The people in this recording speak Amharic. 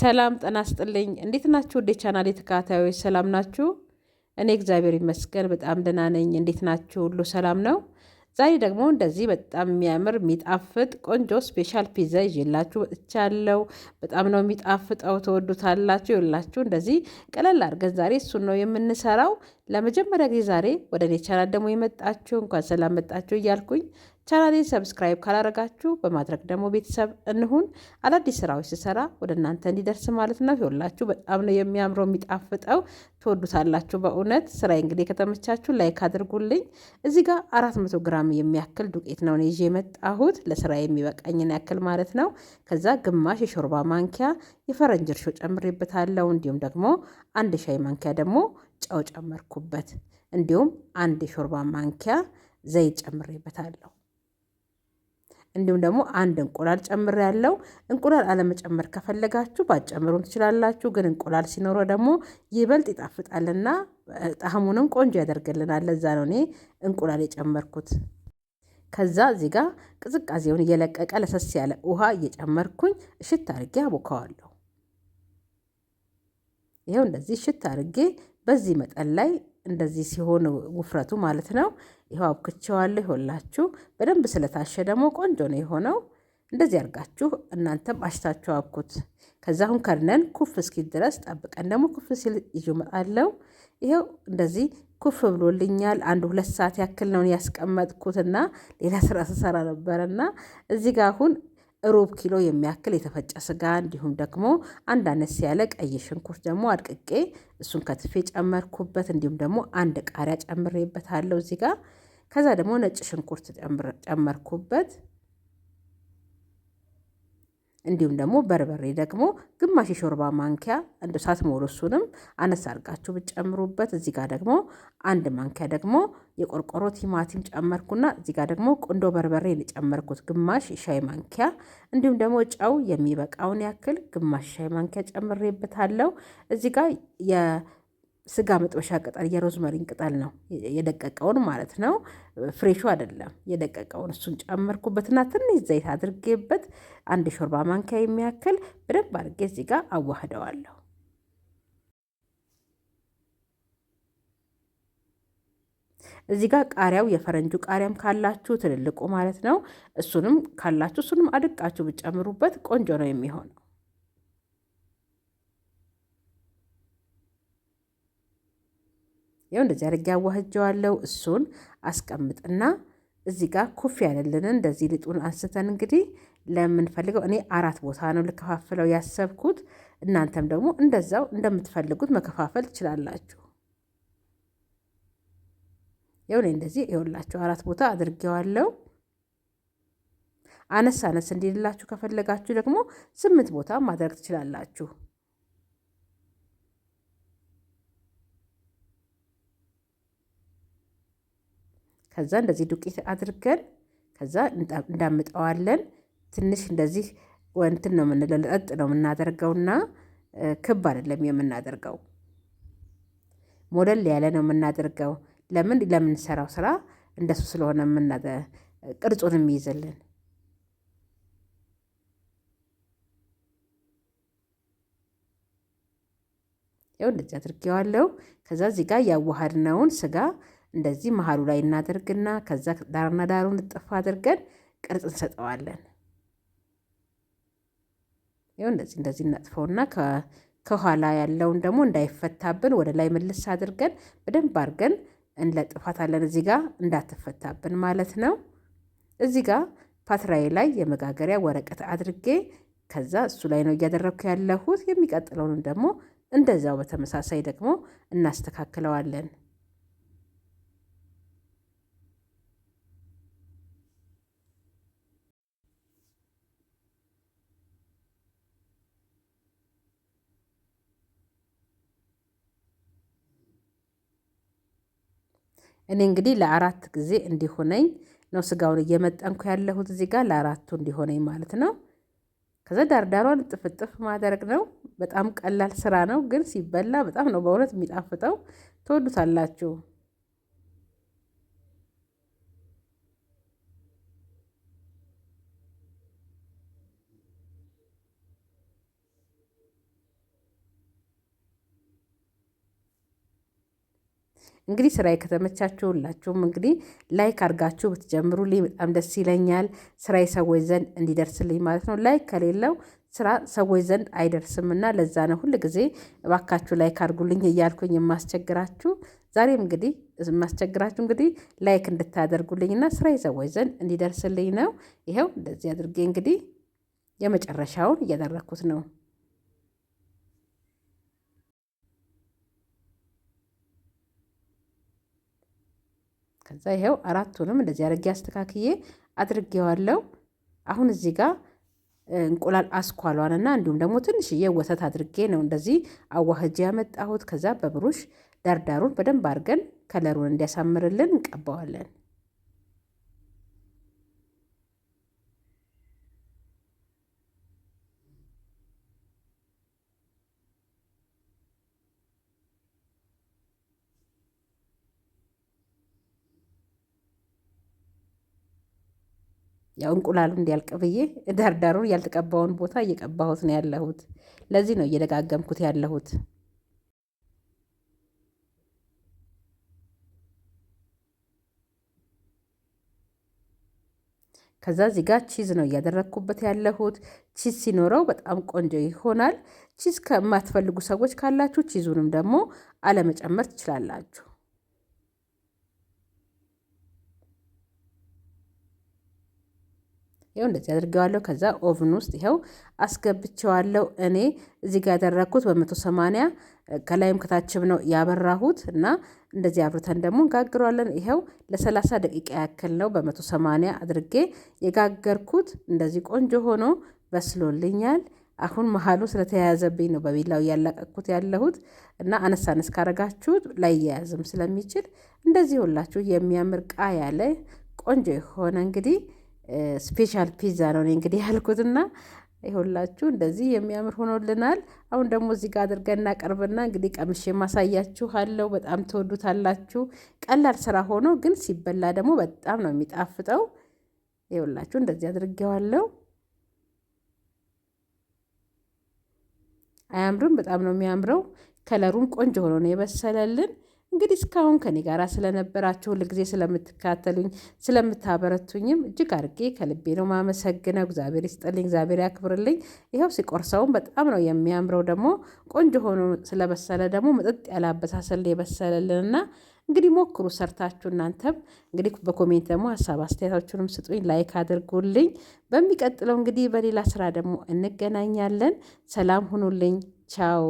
ሰላም ጠና ስጥልኝ። እንዴት ናችሁ? ወደ ቻናል የተካታዮች ሰላም ናችሁ? እኔ እግዚአብሔር ይመስገን በጣም ደህና ነኝ። እንዴት ናችሁ? ሁሉ ሰላም ነው? ዛሬ ደግሞ እንደዚህ በጣም የሚያምር የሚጣፍጥ ቆንጆ ስፔሻል ፒዛ ይዤላችሁ መጥቻለሁ። በጣም ነው የሚጣፍጠው፣ ተወዱታላችሁ። ይላችሁ እንደዚህ ቀለል አድርገን ዛሬ እሱን ነው የምንሰራው። ለመጀመሪያ ጊዜ ዛሬ ወደ እኔ ቻናል ደግሞ የመጣችሁ እንኳን ሰላም መጣችሁ እያልኩኝ ቻናሌን ሰብስክራይብ ካላረጋችሁ በማድረግ ደግሞ ቤተሰብ እንሁን። አዳዲስ ስራዎች ስሰራ ወደ እናንተ እንዲደርስ ማለት ነው። ይኸውላችሁ በጣም ነው የሚያምረው የሚጣፍጠው፣ ትወዱታላችሁ በእውነት። ስራ እንግዲህ ከተመቻችሁ ላይክ አድርጉልኝ። እዚህ ጋር አራት መቶ ግራም የሚያክል ዱቄት ነው ይዤ የመጣሁት ለስራ የሚበቃኝን ያክል ማለት ነው። ከዛ ግማሽ የሾርባ ማንኪያ የፈረንጅ እርሾ ጨምሬበታለሁ። እንዲሁም ደግሞ አንድ ሻይ ማንኪያ ደግሞ ጨው ጨመርኩበት። እንዲሁም አንድ የሾርባ ማንኪያ ዘይት ጨምሬበታለሁ። እንዲሁም ደግሞ አንድ እንቁላል ጨምር ያለው እንቁላል አለመጨመር ከፈለጋችሁ ባጨምሩም ትችላላችሁ። ግን እንቁላል ሲኖረው ደግሞ ይበልጥ ይጣፍጣልና ጣዕሙንም ቆንጆ ያደርግልናል። ለዛ ነው እኔ እንቁላል የጨመርኩት። ከዛ እዚህ ጋር ቅዝቃዜውን እየለቀቀ ለሰስ ያለ ውሃ እየጨመርኩኝ እሽት አድርጌ አቦካዋለሁ። ይኸው እንደዚህ እሽት አድርጌ በዚህ መጠን ላይ እንደዚህ ሲሆን ውፍረቱ ማለት ነው። ይኸው አብክቸዋለሁ። ይሆላችሁ በደንብ ስለታሸ ደግሞ ቆንጆ ነው የሆነው። እንደዚህ አድርጋችሁ እናንተም አሽታችሁ አብኩት። ከዛ አሁን ከድነን ኩፍ እስኪል ድረስ ጠብቀን ደግሞ ኩፍ ሲል ይዤ እመጣለሁ። ይኸው እንደዚህ ኩፍ ብሎልኛል። አንድ ሁለት ሰዓት ያክል ነው ያስቀመጥኩትና ሌላ ስራ ስሰራ ነበረና እዚህ ጋር አሁን ሩብ ኪሎ የሚያክል የተፈጨ ስጋ እንዲሁም ደግሞ አንድ አነስ ያለ ቀይ ሽንኩርት ደግሞ አድቅቄ እሱን ከትፌ ጨመርኩበት። እንዲሁም ደግሞ አንድ ቃሪያ ጨምሬበታለሁ እዚህ ጋር። ከዛ ደግሞ ነጭ ሽንኩርት ጨመርኩበት። እንዲሁም ደግሞ በርበሬ ደግሞ ግማሽ የሾርባ ማንኪያ እንደ ሳትሞሉ እሱንም አነስ አድርጋችሁ ብትጨምሩበት። እዚህ ጋር ደግሞ አንድ ማንኪያ ደግሞ የቆርቆሮ ቲማቲም ጨመርኩና እዚህ ጋር ደግሞ ቁንዶ በርበሬ የጨመርኩት ግማሽ ሻይ ማንኪያ እንዲሁም ደግሞ ጨው የሚበቃውን ያክል ግማሽ ሻይ ማንኪያ ጨምሬበታለሁ። እዚህ ጋር ስጋ መጥበሻ ቅጠል የሮዝመሪን ቅጠል ነው የደቀቀውን ማለት ነው። ፍሬሹ አይደለም የደቀቀውን እሱን ጨመርኩበትና ትንሽ ዘይት አድርጌበት አንድ ሾርባ ማንኪያ የሚያክል በደንብ አድርጌ እዚህ ጋር አዋህደዋለሁ። እዚህ ጋር ቃሪያው የፈረንጁ ቃሪያም ካላችሁ ትልልቁ ማለት ነው። እሱንም ካላችሁ እሱንም አድቃችሁ ብጨምሩበት ቆንጆ ነው የሚሆነው። ያው እንደዚህ አድርጌ አዋህጀዋለሁ። እሱን አስቀምጥና እዚህ ጋር ኩፍ ያለልን እንደዚህ ልጡን አንስተን እንግዲህ ለምንፈልገው እኔ አራት ቦታ ነው ልከፋፍለው ያሰብኩት። እናንተም ደግሞ እንደዛው እንደምትፈልጉት መከፋፈል ትችላላችሁ። ያው እኔ እንደዚህ ይኸውላችሁ አራት ቦታ አድርጌዋለሁ። አነስ አነስ እንዲልላችሁ ከፈለጋችሁ ደግሞ ስምንት ቦታ ማድረግ ትችላላችሁ። ከዛ እንደዚህ ዱቄት አድርገን ከዛ እንዳምጠዋለን። ትንሽ እንደዚህ እንትን ነው የምንለው፣ ለጠጥ ነው የምናደርገውና ክብ አይደለም የምናደርገው፣ ሞደል ያለ ነው የምናደርገው። ለምን ለምንሰራው ስራ እንደሱ ስለሆነ የምናደ ቅርጹን የሚይዝልን ይኸው እንደዚህ አድርጌዋለሁ። ከዛ እዚህ ጋር ያዋሃድነውን ስጋ እንደዚህ መሀሉ ላይ እናደርግና ከዛ ዳርና ዳሩን ጥፍ አድርገን ቅርጽ እንሰጠዋለን። ይኸው እንደዚህ እንደዚህ እናጥፈውና ከኋላ ያለውን ደግሞ እንዳይፈታብን ወደ ላይ መልስ አድርገን በደንብ አድርገን እንለጥፋታለን። እዚህ ጋር እንዳትፈታብን ማለት ነው። እዚህ ጋር ፓትራዬ ላይ የመጋገሪያ ወረቀት አድርጌ ከዛ እሱ ላይ ነው እያደረግኩ ያለሁት። የሚቀጥለውንም ደግሞ እንደዚያው በተመሳሳይ ደግሞ እናስተካክለዋለን። እኔ እንግዲህ ለአራት ጊዜ እንዲሆነኝ ነው ስጋውን እየመጠንኩ ያለሁት እዚህ ጋር ለአራቱ እንዲሆነኝ ማለት ነው። ከዛ ዳርዳሯን ጥፍጥፍ ማድረግ ነው። በጣም ቀላል ስራ ነው፣ ግን ሲበላ በጣም ነው በእውነት የሚጣፍጠው። ትወዱታላችሁ። እንግዲህ ስራዬ ከተመቻችሁ ሁላችሁም እንግዲህ ላይክ አድርጋችሁ ብትጀምሩልኝ በጣም ደስ ይለኛል። ስራዬ ሰዎች ዘንድ እንዲደርስልኝ ማለት ነው። ላይክ ከሌለው ስራ ሰዎች ዘንድ አይደርስምና ለዛ ነው ሁል ጊዜ እባካችሁ ላይክ አድርጉልኝ እያልኩኝ የማስቸግራችሁ። ዛሬም እንግዲህ የማስቸግራችሁ እንግዲህ ላይክ እንድታደርጉልኝና ስራዬ ሰዎች ዘንድ እንዲደርስልኝ ነው። ይኸው እንደዚህ አድርጌ እንግዲህ የመጨረሻውን እያደረግኩት ነው። ከዛ ይኸው አራቱንም እንደዚህ አድርጌ አስተካክዬ አድርጌዋለሁ። አሁን እዚህ ጋር እንቁላል አስኳሏንና እንዲሁም ደግሞ ትንሽዬ ወተት አድርጌ ነው እንደዚህ አዋህጄ ያመጣሁት። ከዛ በብሩሽ ዳርዳሩን በደንብ አድርገን ከለሩን እንዲያሳምርልን እንቀባዋለን። ያው እንቁላሉ እንዲያልቅ ብዬ ዳርዳሩን ያልተቀባውን ቦታ እየቀባሁት ነው ያለሁት። ለዚህ ነው እየደጋገምኩት ያለሁት። ከዛ እዚህ ጋር ቺዝ ነው እያደረግኩበት ያለሁት። ቺዝ ሲኖረው በጣም ቆንጆ ይሆናል። ቺዝ ከማትፈልጉ ሰዎች ካላችሁ ቺዙንም ደግሞ አለመጨመር ትችላላችሁ። ይኸው እንደዚህ አድርገዋለሁ። ከዛ ኦቭን ውስጥ ይኸው አስገብቸዋለሁ። እኔ እዚህ ጋር ያደረግኩት በመቶ ሰማንያ ከላይም ከታችም ነው ያበራሁት እና እንደዚህ አብርተን ደግሞ እንጋግረዋለን። ይኸው ለሰላሳ ደቂቃ ያክል ነው በመቶ ሰማንያ አድርጌ የጋገርኩት። እንደዚህ ቆንጆ ሆኖ በስሎልኛል። አሁን መሀሉ ስለተያያዘብኝ ነው በቢላው እያላቀቅኩት ያለሁት እና አነስ አነስ ካረጋችሁት ላይያያዝም ስለሚችል እንደዚህ ሁላችሁ የሚያምር ቃ ያለ ቆንጆ የሆነ እንግዲህ ስፔሻል ፒዛ ነው እንግዲህ ያልኩትና ይሁላችሁ እንደዚህ የሚያምር ሆኖልናል። አሁን ደግሞ እዚህ ጋር አድርገን እናቀርብና እንግዲህ ቀምሼ ማሳያችሁ አለው። በጣም ትወዱታላችሁ። ቀላል ስራ ሆኖ ግን ሲበላ ደግሞ በጣም ነው የሚጣፍጠው። ይሁላችሁ እንደዚህ አድርጌዋለሁ። አያምርም? በጣም ነው የሚያምረው። ከለሩም ቆንጆ ሆኖ ነው የበሰለልን። እንግዲህ እስካሁን ከኔ ጋር ስለነበራችሁ ሁልጊዜ ስለምትካተሉኝ ስለምታበረቱኝም እጅግ አድርጌ ከልቤ ነው ማመሰግነው። እግዚአብሔር ይስጥልኝ፣ እግዚአብሔር ያክብርልኝ። ይኸው ሲቆርሰውም በጣም ነው የሚያምረው። ደግሞ ቆንጆ ሆኖ ስለበሰለ ደግሞ መጠጥ ያለ አበሳሰል የበሰለልንና እንግዲህ ሞክሩ ሰርታችሁ። እናንተም እንግዲህ በኮሜንት ደግሞ ሀሳብ አስተያየታችሁንም ስጡኝ፣ ላይክ አድርጉልኝ። በሚቀጥለው እንግዲህ በሌላ ስራ ደግሞ እንገናኛለን። ሰላም ሁኑልኝ። ቻው